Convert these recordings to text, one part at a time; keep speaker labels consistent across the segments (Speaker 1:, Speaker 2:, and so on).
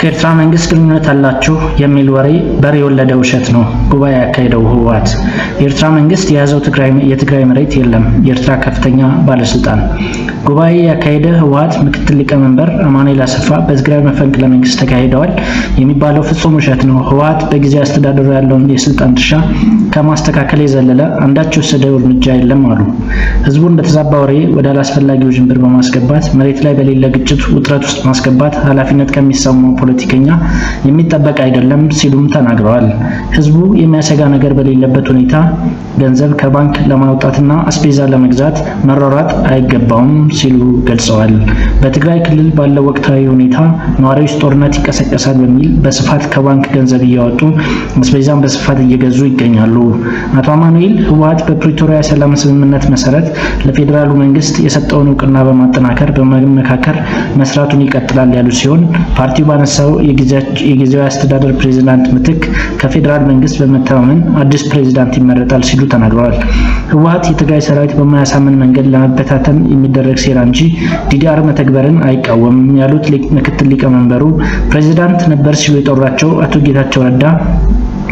Speaker 1: ከኤርትራ መንግስት ግንኙነት አላችሁ የሚል ወሬ በር የወለደ ውሸት ነው። ጉባኤ ያካሄደው ህወሓት የኤርትራ መንግስት የያዘው የትግራይ መሬት የለም። የኤርትራ ከፍተኛ ባለስልጣን ጉባኤ ያካሄደ ህወሓት ምክትል ሊቀመንበር አማኑኤል አሰፋ በትግራይ መፈንቅለ መንግስት ተካሂደዋል የሚባለው ፍጹም ውሸት ነው። ህወሓት በጊዜ አስተዳደሩ ያለውን የስልጣን ድርሻ ከማስተካከል የዘለለ አንዳች የወሰደው እርምጃ የለም አሉ። ህዝቡን በተዛባ ወሬ ወደ አላስፈላጊው ውዥንብር በማስገባት መሬት ላይ በሌለ ግጭት ውጥረት ውስጥ ማስገባት ኃላፊነት ከሚሰማው ፖለቲከኛ የሚጠበቅ አይደለም ሲሉም ተናግረዋል። ህዝቡ የሚያሰጋ ነገር በሌለበት ሁኔታ ገንዘብ ከባንክ ለማውጣትና አስቤዛ ለመግዛት መሯሯጥ አይገባውም ሲሉ ገልጸዋል። በትግራይ ክልል ባለው ወቅታዊ ሁኔታ ነዋሪዎች ጦርነት ይቀሰቀሳል በሚል በስፋት ከባንክ ገንዘብ እያወጡ አስቤዛን በስፋት እየገዙ ይገኛሉ። አቶ አማኑኤል ህወሀት በፕሪቶሪያ ሰላም ስምምነት መሰረት ለፌዴራሉ መንግስት የሰጠውን እውቅና በማጠናከር በመመካከር መስራቱን ይቀጥላል ያሉ ሲሆን ፓርቲው ባነሳ ሰው የጊዜያዊ አስተዳደር ፕሬዚዳንት ምትክ ከፌዴራል መንግስት በመተማመን አዲስ ፕሬዚዳንት ይመረጣል ሲሉ ተናግረዋል። ህወሀት የትግራይ ሰራዊት በማያሳምን መንገድ ለመበታተን የሚደረግ ሴራ እንጂ ዲዲአር መተግበርን አይቃወምም ያሉት ምክትል ሊቀመንበሩ ፕሬዚዳንት ነበር ሲሉ የጠሯቸው አቶ ጌታቸው ረዳ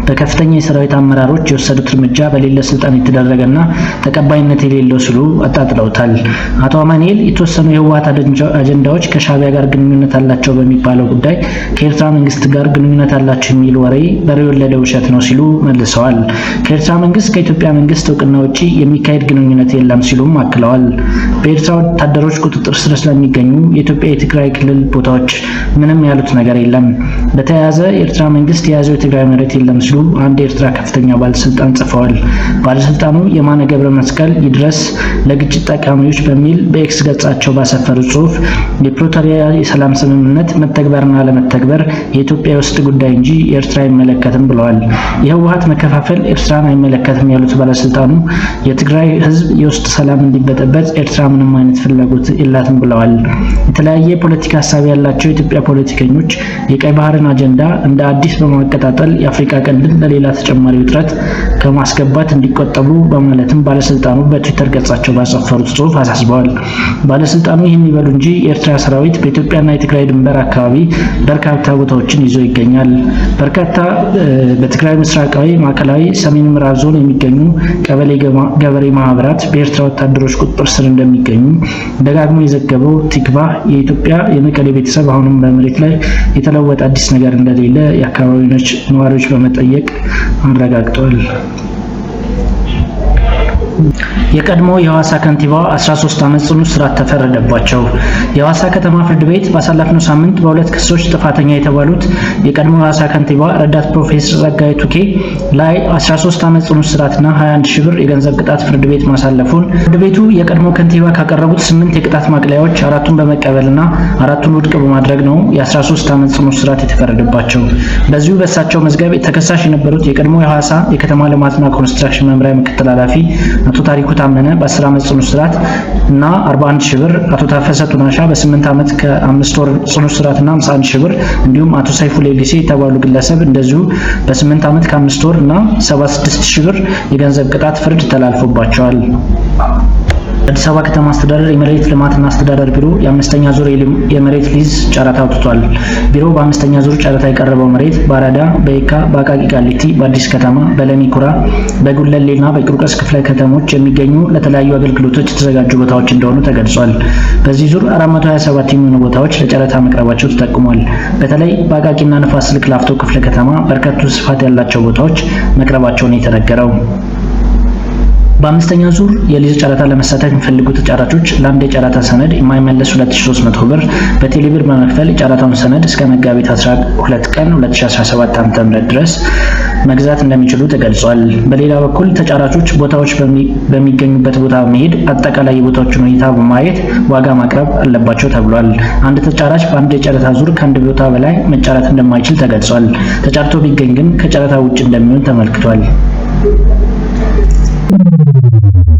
Speaker 1: በከፍተኛ የሰራዊት አመራሮች የወሰዱት እርምጃ በሌለ ስልጣን የተደረገና ተቀባይነት የሌለው ሲሉ አጣጥለውታል። አቶ አማኑኤል የተወሰኑ የህወሀት አጀንዳዎች ከሻቢያ ጋር ግንኙነት አላቸው በሚባለው ጉዳይ ከኤርትራ መንግስት ጋር ግንኙነት አላቸው የሚል ወሬ በሬ የወለደ ውሸት ነው ሲሉ መልሰዋል። ከኤርትራ መንግስት ከኢትዮጵያ መንግስት እውቅና ውጪ የሚካሄድ ግንኙነት የለም ሲሉም አክለዋል። በኤርትራ ወታደሮች ቁጥጥር ስር ስለሚገኙ የኢትዮጵያ የትግራይ ክልል ቦታዎች ምንም ያሉት ነገር የለም። በተያያዘ የኤርትራ መንግስት የያዘው የትግራይ መሬት የለም ሲሉ አንድ የኤርትራ ከፍተኛ ባለስልጣን ጽፈዋል። ባለስልጣኑ የማነ ገብረ መስቀል ይድረስ ለግጭት ጠቃሚዎች በሚል በኤክስ ገጻቸው ባሰፈሩ ጽሁፍ የፕሪቶሪያ የሰላም ስምምነት መተግበርና አለመተግበር የኢትዮጵያ ውስጥ ጉዳይ እንጂ ኤርትራ አይመለከትም ብለዋል። የህወሀት መከፋፈል ኤርትራን አይመለከትም ያሉት ባለስልጣኑ የትግራይ ህዝብ የውስጥ ሰላም እንዲበጠበት ኤርትራ ምንም አይነት ፍላጎት የላትም ብለዋል። የተለያየ የፖለቲካ ሀሳብ ያላቸው የኢትዮጵያ ፖለቲከኞች የቀይ ባህርን የአፍሪካን አጀንዳ እንደ አዲስ በማቀጣጠል የአፍሪካ ቀንድን ለሌላ ተጨማሪ ውጥረት ከማስገባት እንዲቆጠቡ በማለትም ባለስልጣኑ በትዊተር ገጻቸው ባሰፈሩት ጽሑፍ አሳስበዋል። ባለስልጣኑ ይህን ይበሉ እንጂ የኤርትራ ሰራዊት በኢትዮጵያና የትግራይ ድንበር አካባቢ በርካታ ቦታዎችን ይዞ ይገኛል። በርካታ በትግራይ ምስራቃዊ፣ ማዕከላዊ፣ ሰሜን ምዕራብ ዞን የሚገኙ ቀበሌ ገበሬ ማህበራት በኤርትራ ወታደሮች ቁጥጥር ስር እንደሚገኙ ደጋግሞ የዘገበው ቲክባ የኢትዮጵያ የመቀሌ ቤተሰብ አሁንም በመሬት ላይ የተለወጠ አዲስ ነገር እንደሌለ የአካባቢ ነዋሪዎች በመጠየቅ አረጋግጠዋል። የቀድሞ የሐዋሳ ከንቲባ 13 ዓመት ጽኑ እስራት ተፈረደባቸው። የሐዋሳ ከተማ ፍርድ ቤት ባሳለፍነው ሳምንት በሁለት ክሶች ጥፋተኛ የተባሉት የቀድሞ የሐዋሳ ከንቲባ ረዳት ፕሮፌሰር ጸጋዬ ቱኬ ላይ 13 ዓመት ጽኑ እስራትና 21 ሺህ ብር የገንዘብ ቅጣት ፍርድ ቤት ማሳለፉን ፍርድ ቤቱ የቀድሞ ከንቲባ ካቀረቡት ስምንት የቅጣት ማቅለያዎች አራቱን በመቀበልና አራቱን ውድቅ በማድረግ ነው የ13 ዓመት ጽኑ እስራት የተፈረደባቸው። በዚሁ በሳቸው መዝገብ ተከሳሽ የነበሩት የቀድሞ የሐዋሳ የከተማ ልማትና ኮንስትራክሽን መምሪያ ምክትል ኃላፊ አቶ ታሪኩ ታመነ በ10 ዓመት ጽኑ እስራት እና 41 ሺህ ብር፣ አቶ ታፈሰ ቱናሻ በ8 ዓመት ከ5 ወር ጽኑ እስራት እና 51 ሺህ ብር እንዲሁም አቶ ሰይፉ ሌሊሴ የተባሉ ግለሰብ እንደዚሁ በ8 ዓመት ከ5 ወር እና 76 ሺህ ብር የገንዘብ ቅጣት ፍርድ ተላልፎባቸዋል። የአዲስ አበባ ከተማ አስተዳደር የመሬት ልማትና አስተዳደር ቢሮ የአምስተኛ ዙር የመሬት ሊዝ ጨረታ አውጥቷል። ቢሮው በአምስተኛ ዙር ጨረታ የቀረበው መሬት በአራዳ፣ በየካ፣ በአቃቂ ቃሊቲ፣ በአዲስ ከተማ፣ በለሚኩራ፣ በጉለሌና በቂርቆስ ክፍለ ከተሞች የሚገኙ ለተለያዩ አገልግሎቶች የተዘጋጁ ቦታዎች እንደሆኑ ተገልጿል። በዚህ ዙር 427 የሚሆኑ ቦታዎች ለጨረታ መቅረባቸው ተጠቁሟል። በተለይ በአቃቂና ንፋስ ስልክ ላፍቶ ክፍለ ከተማ በርከቱ ስፋት ያላቸው ቦታዎች መቅረባቸውን የተነገረው በአምስተኛ ዙር የሊዝ ጨረታ ለመሳተፍ የሚፈልጉ ተጫራቾች ለአንድ የጨረታ ሰነድ የማይመለስ 2300 ብር በቴሌብር በመክፈል የጨረታውን ሰነድ እስከ መጋቢት 12 ቀን 2017 ዓ.ም ድረስ መግዛት እንደሚችሉ ተገልጿል። በሌላ በኩል ተጫራቾች ቦታዎች በሚገኙበት ቦታ በመሄድ አጠቃላይ የቦታዎችን ሁኔታ በማየት ዋጋ ማቅረብ አለባቸው ተብሏል። አንድ ተጫራች በአንድ የጨረታ ዙር ከአንድ ቦታ በላይ መጫረት እንደማይችል ተገልጿል። ተጫርቶ ቢገኝ ግን ከጨረታ ውጭ እንደሚሆን ተመልክቷል። Thank you.